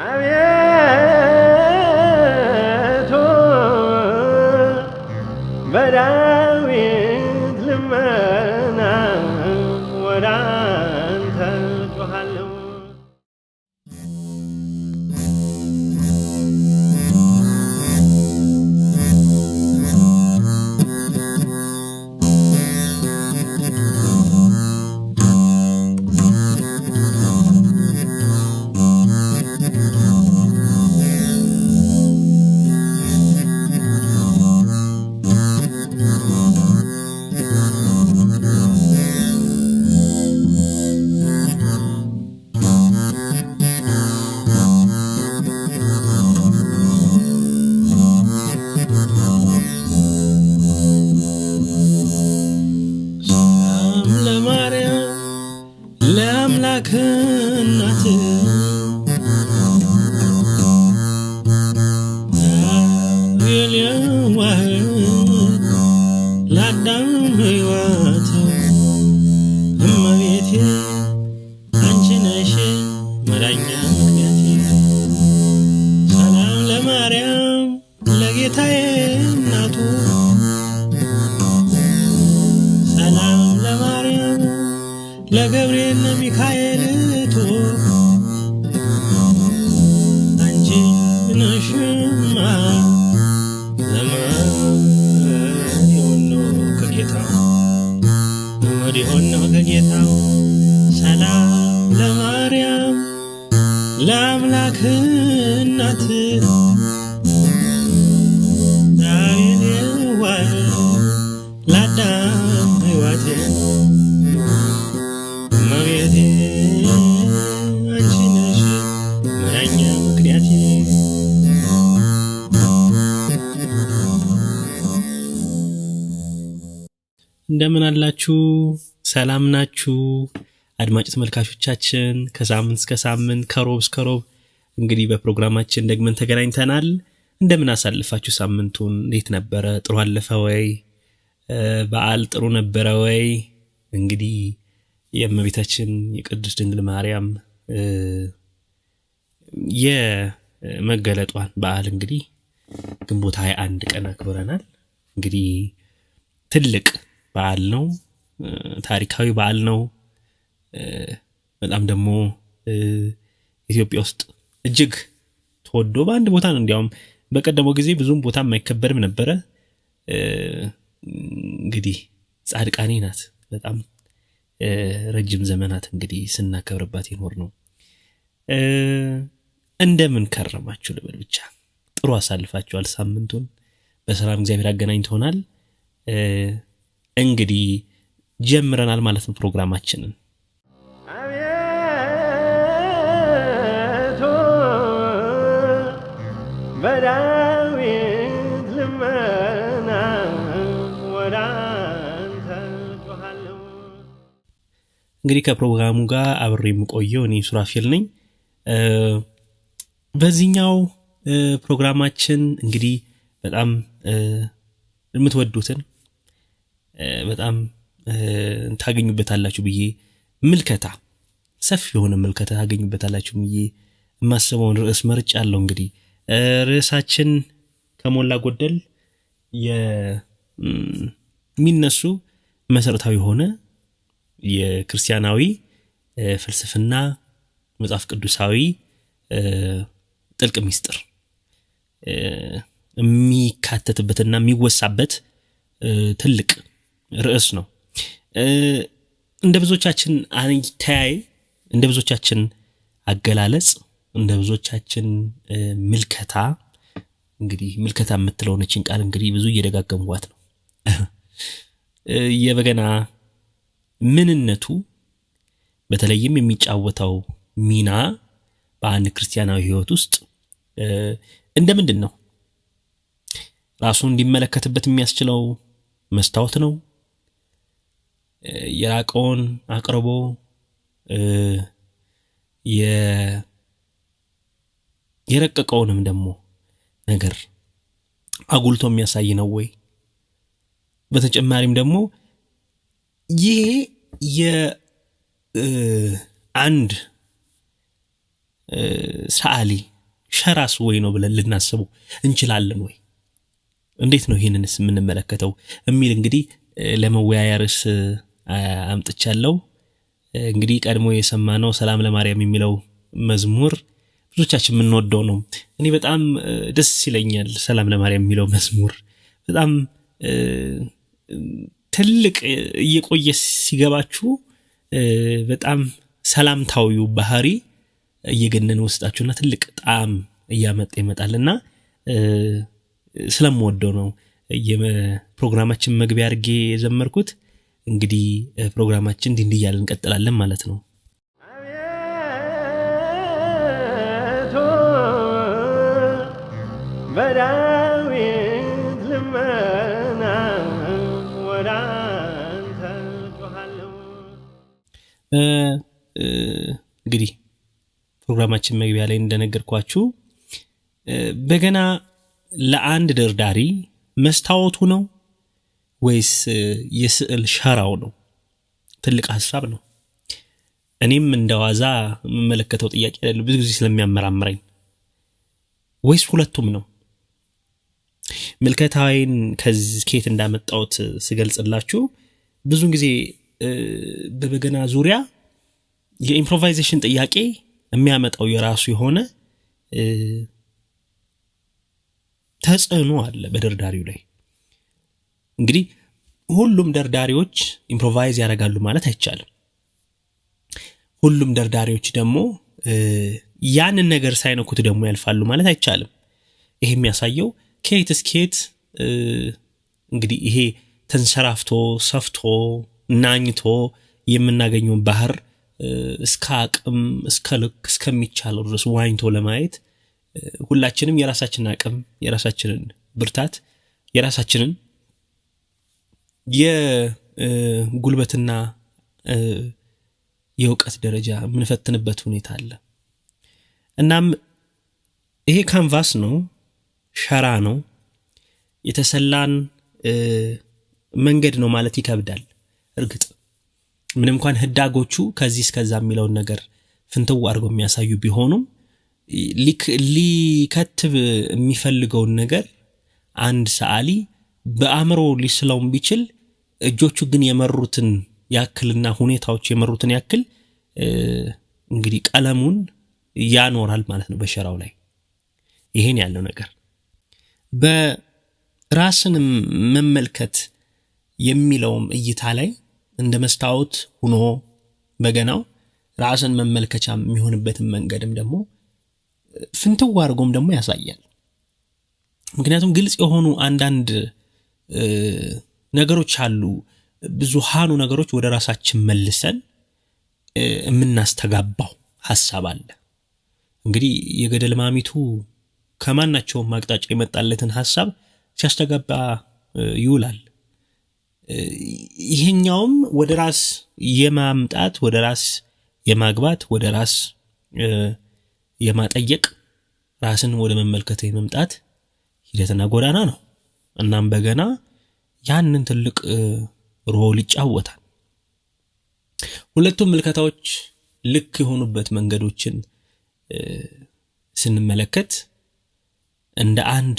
Ah, bien. አምላክ እናት የልዋህ ለአዳም ሕይወት እመቤቴ አንቺ ነሽ መዳኛ ምክንያቴ። ሰላም ለማርያም ለጌታዬ እናቱ ሰላም ለማርያም ለገብርኤል ለሚካኤል ቶ አንቺ ነሽማ ዘመድ ሰላም ለማርያም ለአምላክ እናት ዳዊት ዋል ላዳ ሕይወቴ አላችሁ? ሰላም ናችሁ? አድማጭ ተመልካቾቻችን ከሳምንት እስከ ሳምንት ከሮብ እስከ ሮብ እንግዲህ በፕሮግራማችን ደግመን ተገናኝተናል። እንደምን አሳልፋችሁ ሳምንቱን? እንዴት ነበረ? ጥሩ አለፈ ወይ? በዓል ጥሩ ነበረ ወይ? እንግዲህ የእመቤታችን የቅድስት ድንግል ማርያም የመገለጧን በዓል እንግዲህ ግንቦት 21 ቀን አክብረናል። እንግዲህ ትልቅ በዓል ነው። ታሪካዊ በዓል ነው። በጣም ደግሞ ኢትዮጵያ ውስጥ እጅግ ተወዶ በአንድ ቦታ ነው። እንዲያውም በቀደመው ጊዜ ብዙም ቦታ የማይከበርም ነበረ። እንግዲህ ጻድቃኔ ናት። በጣም ረጅም ዘመናት እንግዲህ ስናከብርባት ይኖር ነው። እንደምን ከረማችሁ ልበል ብቻ። ጥሩ አሳልፋችኋል ሳምንቱን። በሰላም እግዚአብሔር አገናኝ ትሆናል። እንግዲህ ጀምረናል ማለት ነው ፕሮግራማችንን። እንግዲህ ከፕሮግራሙ ጋር አብሬ የምቆየው እኔ ሱራፌል ነኝ። በዚህኛው ፕሮግራማችን እንግዲህ በጣም የምትወዱትን በጣም ታገኙበታላችሁ ብዬ ምልከታ ሰፊ የሆነ ምልከታ ታገኙበታላችሁ ብዬ የማስበውን ርዕስ መርጫ አለው። እንግዲህ ርዕሳችን ከሞላ ጎደል የሚነሱ መሰረታዊ የሆነ የክርስቲያናዊ ፍልስፍና መጽሐፍ ቅዱሳዊ ጥልቅ ምስጢር የሚካተትበትና የሚወሳበት ትልቅ ርዕስ ነው። እንደ ብዙዎቻችን አተያይ፣ እንደ ብዙዎቻችን አገላለጽ፣ እንደ ብዙዎቻችን ምልከታ እንግዲህ ምልከታ የምትለውን ይህችን ቃል እንግዲህ ብዙ እየደጋገምዋት ነው። የበገና ምንነቱ በተለይም የሚጫወተው ሚና በአንድ ክርስቲያናዊ ሕይወት ውስጥ እንደ ምንድን ነው ራሱን እንዲመለከትበት የሚያስችለው መስታወት ነው የራቀውን አቅርቦ የረቀቀውንም ደግሞ ነገር አጉልቶ የሚያሳይ ነው ወይ? በተጨማሪም ደግሞ ይሄ የአንድ ሰዓሊ ሸራስ ወይ ነው ብለን ልናስቡ እንችላለን ወይ? እንዴት ነው ይህንንስ የምንመለከተው? የሚል እንግዲህ ለመወያያ ርዕስ አምጥቻለሁ። እንግዲህ ቀድሞ የሰማነው ሰላም ለማርያም የሚለው መዝሙር ብዙቻችን የምንወደው ነው። እኔ በጣም ደስ ይለኛል ሰላም ለማርያም የሚለው መዝሙር በጣም ትልቅ እየቆየ ሲገባችሁ በጣም ሰላምታዊው ባህሪ እየገነን ውስጣችሁና ትልቅ ጣዕም እያመጣ ይመጣልና ስለምወደው ነው የፕሮግራማችን መግቢያ አድርጌ የዘመርኩት። እንግዲህ ፕሮግራማችን እንዲህ እንዲህ እንቀጥላለን ማለት ነው። በዳዊት ልመና እንግዲህ ፕሮግራማችን መግቢያ ላይ እንደነገርኳችሁ በገና ለአንድ ደርዳሪ መስታወቱ ነው ወይስ የስዕል ሸራው ነው? ትልቅ ሀሳብ ነው። እኔም እንደ ዋዛ የምመለከተው ጥያቄ ያለ ብዙ ጊዜ ስለሚያመራምረኝ። ወይስ ሁለቱም ነው? ምልከታዬን ከየት እንዳመጣውት ስገልጽላችሁ ብዙን ጊዜ በበገና ዙሪያ የኢምፕሮቫይዜሽን ጥያቄ የሚያመጣው የራሱ የሆነ ተጽዕኖ አለ በደርዳሪው ላይ እንግዲህ ሁሉም ደርዳሪዎች ኢምፕሮቫይዝ ያደርጋሉ ማለት አይቻልም። ሁሉም ደርዳሪዎች ደግሞ ያንን ነገር ሳይነኩት ደግሞ ያልፋሉ ማለት አይቻልም። ይሄ የሚያሳየው ከየት እስከየት እንግዲህ ይሄ ተንሰራፍቶ ሰፍቶ ናኝቶ የምናገኘውን ባህር እስከ አቅም እስከ ልክ እስከሚቻለው ድረስ ዋኝቶ ለማየት ሁላችንም የራሳችንን አቅም የራሳችንን ብርታት የራሳችንን የጉልበትና የእውቀት ደረጃ የምንፈትንበት ሁኔታ አለ። እናም ይሄ ካንቫስ ነው፣ ሸራ ነው፣ የተሰላን መንገድ ነው ማለት ይከብዳል። እርግጥ ምንም እንኳን ህዳጎቹ ከዚህ እስከዛ የሚለውን ነገር ፍንትው አድርገው የሚያሳዩ ቢሆኑም ሊከትብ የሚፈልገውን ነገር አንድ ሰአሊ በአእምሮ ሊስለውም ቢችል እጆቹ ግን የመሩትን ያክልና ሁኔታዎች የመሩትን ያክል እንግዲህ ቀለሙን ያኖራል ማለት ነው በሸራው ላይ። ይሄን ያለው ነገር በራስን መመልከት የሚለውም እይታ ላይ እንደ መስታወት ሁኖ በገናው ራስን መመልከቻ የሚሆንበትን መንገድም ደግሞ ፍንትው አድርጎም ደግሞ ያሳያል። ምክንያቱም ግልጽ የሆኑ አንዳንድ ነገሮች አሉ። ብዙሃኑ ነገሮች ወደ ራሳችን መልሰን የምናስተጋባው ሀሳብ አለ። እንግዲህ የገደል ማሚቱ ከማናቸውም አቅጣጫ የመጣለትን ሀሳብ ሲያስተጋባ ይውላል። ይሄኛውም ወደ ራስ የማምጣት ወደ ራስ የማግባት ወደ ራስ የማጠየቅ ራስን ወደ መመልከት የመምጣት ሂደትና ጎዳና ነው። እናም በገና ያንን ትልቅ ሮል ይጫወታል። ሁለቱም ምልከታዎች ልክ የሆኑበት መንገዶችን ስንመለከት እንደ አንድ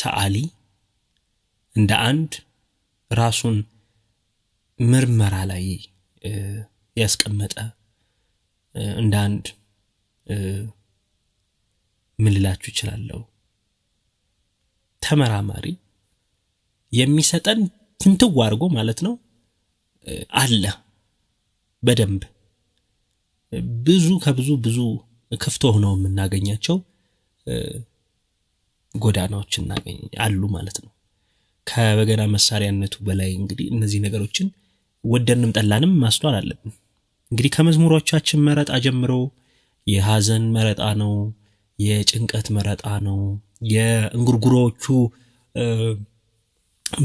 ሰዓሊ እንደ አንድ ራሱን ምርመራ ላይ ያስቀመጠ እንደ አንድ ምን ልላችሁ ተመራማሪ የሚሰጠን ትንትው አድርጎ ማለት ነው አለ። በደንብ ብዙ ከብዙ ብዙ ክፍቶ ሆነው የምናገኛቸው ጎዳናዎች እናገኝ አሉ ማለት ነው። ከበገና መሳሪያነቱ በላይ እንግዲህ እነዚህ ነገሮችን ወደንም ጠላንም ማስተዋል አለብን። እንግዲህ ከመዝሙሮቻችን መረጣ ጀምሮ የሐዘን መረጣ ነው፣ የጭንቀት መረጣ ነው፣ የእንጉርጉሮዎቹ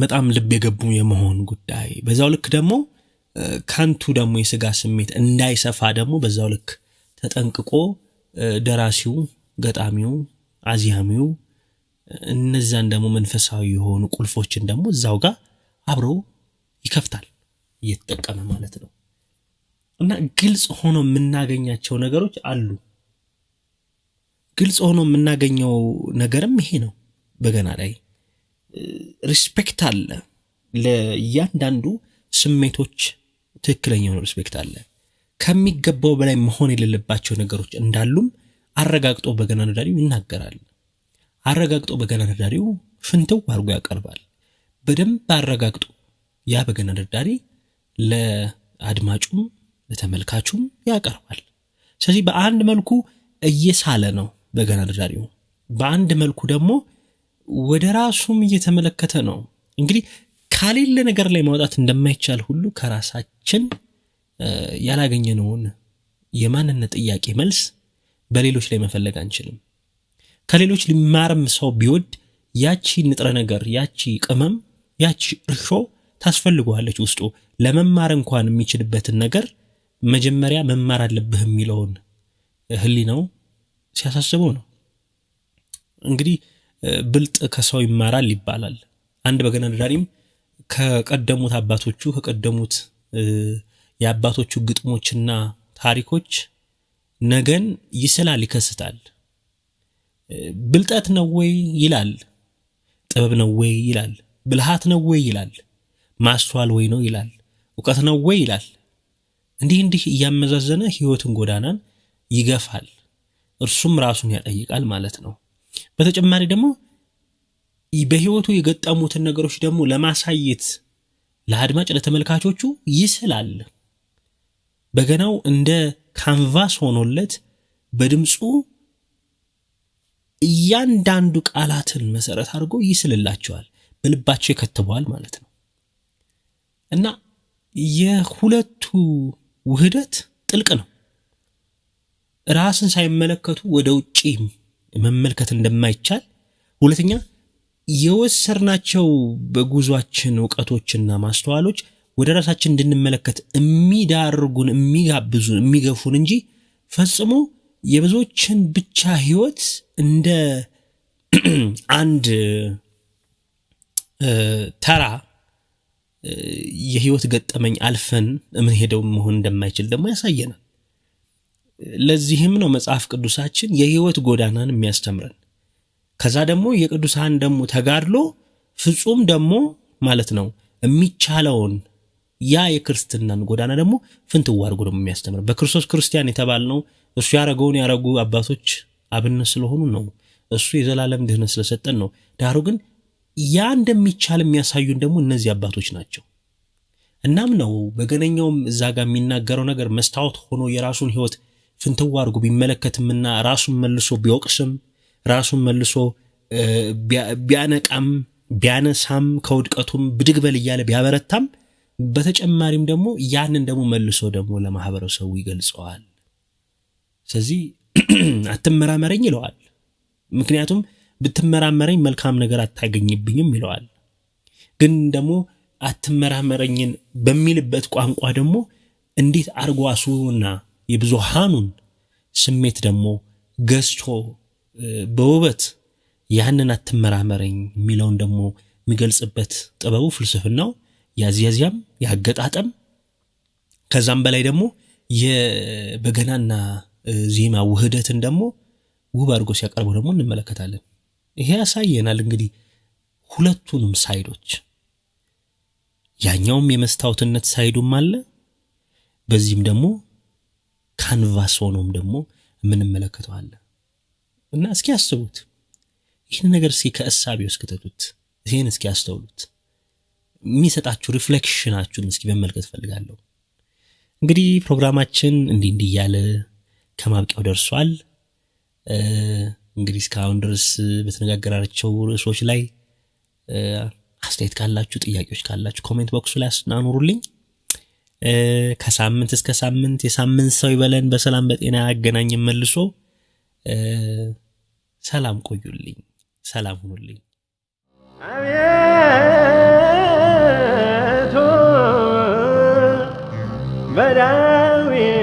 በጣም ልብ የገቡ የመሆን ጉዳይ፣ በዛው ልክ ደግሞ ከንቱ ደግሞ የስጋ ስሜት እንዳይሰፋ ደግሞ በዛው ልክ ተጠንቅቆ ደራሲው፣ ገጣሚው፣ አዚያሚው እነዛን ደግሞ መንፈሳዊ የሆኑ ቁልፎችን ደግሞ እዛው ጋር አብሮ ይከፍታል እየተጠቀመ ማለት ነው። እና ግልጽ ሆኖ የምናገኛቸው ነገሮች አሉ። ግልጽ ሆኖ የምናገኘው ነገርም ይሄ ነው በገና ላይ ሪስፔክት አለ ለእያንዳንዱ ስሜቶች ትክክለኛ የሆነ ሪስፔክት አለ። ከሚገባው በላይ መሆን የሌለባቸው ነገሮች እንዳሉም አረጋግጦ በገና ነዳሪው ይናገራል። አረጋግጦ በገና ነዳሪው ፍንትው አድርጎ ያቀርባል። በደንብ አረጋግጦ ያ በገና ነዳሪ ለአድማጩም ለተመልካቹም ያቀርባል። ስለዚህ በአንድ መልኩ እየሳለ ነው በገና ነዳሪው፣ በአንድ መልኩ ደግሞ ወደ ራሱም እየተመለከተ ነው። እንግዲህ ከሌለ ነገር ላይ ማውጣት እንደማይቻል ሁሉ ከራሳችን ያላገኘነውን የማንነት ጥያቄ መልስ በሌሎች ላይ መፈለግ አንችልም። ከሌሎች ሊማርም ሰው ቢወድ ያቺ ንጥረ ነገር፣ ያቺ ቅመም፣ ያቺ እርሾ ታስፈልገዋለች። ውስጡ ለመማር እንኳን የሚችልበትን ነገር መጀመሪያ መማር አለብህ የሚለውን ነው ሲያሳስበው ነው እንግዲህ ብልጥ ከሰው ይማራል ይባላል። አንድ በገና ደራሪም ከቀደሙት አባቶቹ ከቀደሙት የአባቶቹ ግጥሞችና ታሪኮች ነገን ይስላል፣ ይከስታል። ብልጠት ነው ወይ ይላል፣ ጥበብ ነው ወይ ይላል፣ ብልሃት ነው ወይ ይላል፣ ማስተዋል ወይ ነው ይላል፣ እውቀት ነው ወይ ይላል። እንዲህ እንዲህ እያመዛዘነ ህይወትን ጎዳናን ይገፋል፣ እርሱም ራሱን ያጠይቃል ማለት ነው። በተጨማሪ ደግሞ በህይወቱ የገጠሙትን ነገሮች ደግሞ ለማሳየት ለአድማጭ ለተመልካቾቹ ይስላል። በገናው እንደ ካንቫስ ሆኖለት በድምፁ እያንዳንዱ ቃላትን መሰረት አድርጎ ይስልላቸዋል፣ በልባቸው ይከትበዋል ማለት ነው እና የሁለቱ ውህደት ጥልቅ ነው። ራስን ሳይመለከቱ ወደ ውጪ መመልከት እንደማይቻል፣ ሁለተኛ የወሰርናቸው በጉዟችን እውቀቶችና ማስተዋሎች ወደ ራሳችን እንድንመለከት የሚዳርጉን የሚጋብዙን፣ የሚገፉን እንጂ ፈጽሞ የብዙዎችን ብቻ ህይወት እንደ አንድ ተራ የህይወት ገጠመኝ አልፈን የምንሄደው መሆን እንደማይችል ደግሞ ያሳየናል። ለዚህም ነው መጽሐፍ ቅዱሳችን የህይወት ጎዳናን የሚያስተምረን። ከዛ ደግሞ የቅዱሳን ደግሞ ተጋድሎ ፍጹም ደግሞ ማለት ነው የሚቻለውን ያ የክርስትናን ጎዳና ደግሞ ፍንትው አድርጎ ደግሞ የሚያስተምረን በክርስቶስ ክርስቲያን ነው እሱ ያረገውን ያረጉ አባቶች አብነት ስለሆኑ ነው። እሱ የዘላለም ድህነት ስለሰጠን ነው። ዳሩ ግን ያ እንደሚቻል የሚያሳዩን ደግሞ እነዚህ አባቶች ናቸው። እናም ነው በገነኛውም እዛ ጋር የሚናገረው ነገር መስታወት ሆኖ የራሱን ህይወት ፍንትው አድርጎ ቢመለከትምና ራሱን መልሶ ቢወቅስም ራሱን መልሶ ቢያነቃም ቢያነሳም ከውድቀቱም ብድግ በል እያለ ቢያበረታም በተጨማሪም ደግሞ ያንን ደግሞ መልሶ ደግሞ ለማህበረሰቡ ይገልጸዋል። ስለዚህ አትመራመረኝ ይለዋል። ምክንያቱም ብትመራመረኝ መልካም ነገር አታገኝብኝም ይለዋል። ግን ደግሞ አትመራመረኝን በሚልበት ቋንቋ ደግሞ እንዴት አርጓሱና የብዙሃኑን ስሜት ደግሞ ገዝቶ በውበት ያንን አትመራመረኝ የሚለውን ደግሞ የሚገልጽበት ጥበቡ ፍልስፍናው ያዝያዚያም ያገጣጠም ከዛም በላይ ደግሞ የበገናና ዜማ ውህደትን ደግሞ ውብ አድርጎ ሲያቀርቡ ደግሞ እንመለከታለን። ይሄ ያሳየናል እንግዲህ ሁለቱንም ሳይዶች ያኛውም የመስታወትነት ሳይዱም አለ፣ በዚህም ደግሞ ካንቫስ ሆኖም ደግሞ የምንመለከተው አለ እና እስኪ አስቡት ይህን ነገር እስኪ ከእሳቤ እስክተቱት ይህን እስኪ አስተውሉት። የሚሰጣችሁ ሪፍሌክሽናችሁን እስኪ መመልከት ፈልጋለሁ። እንግዲህ ፕሮግራማችን እንዲህ እንዲህ እያለ ከማብቂያው ደርሷል። እንግዲህ እስካሁን ድረስ በተነጋገራቸው ርዕሶች ላይ አስተያየት ካላችሁ፣ ጥያቄዎች ካላችሁ ኮሜንት ቦክሱ ላይ ናኑሩልኝ። ከሳምንት እስከ ሳምንት የሳምንት ሰው ይበለን። በሰላም በጤና ያገናኝ መልሶ ሰላም ቆዩልኝ፣ ሰላም ሁኑልኝ። አቤቱ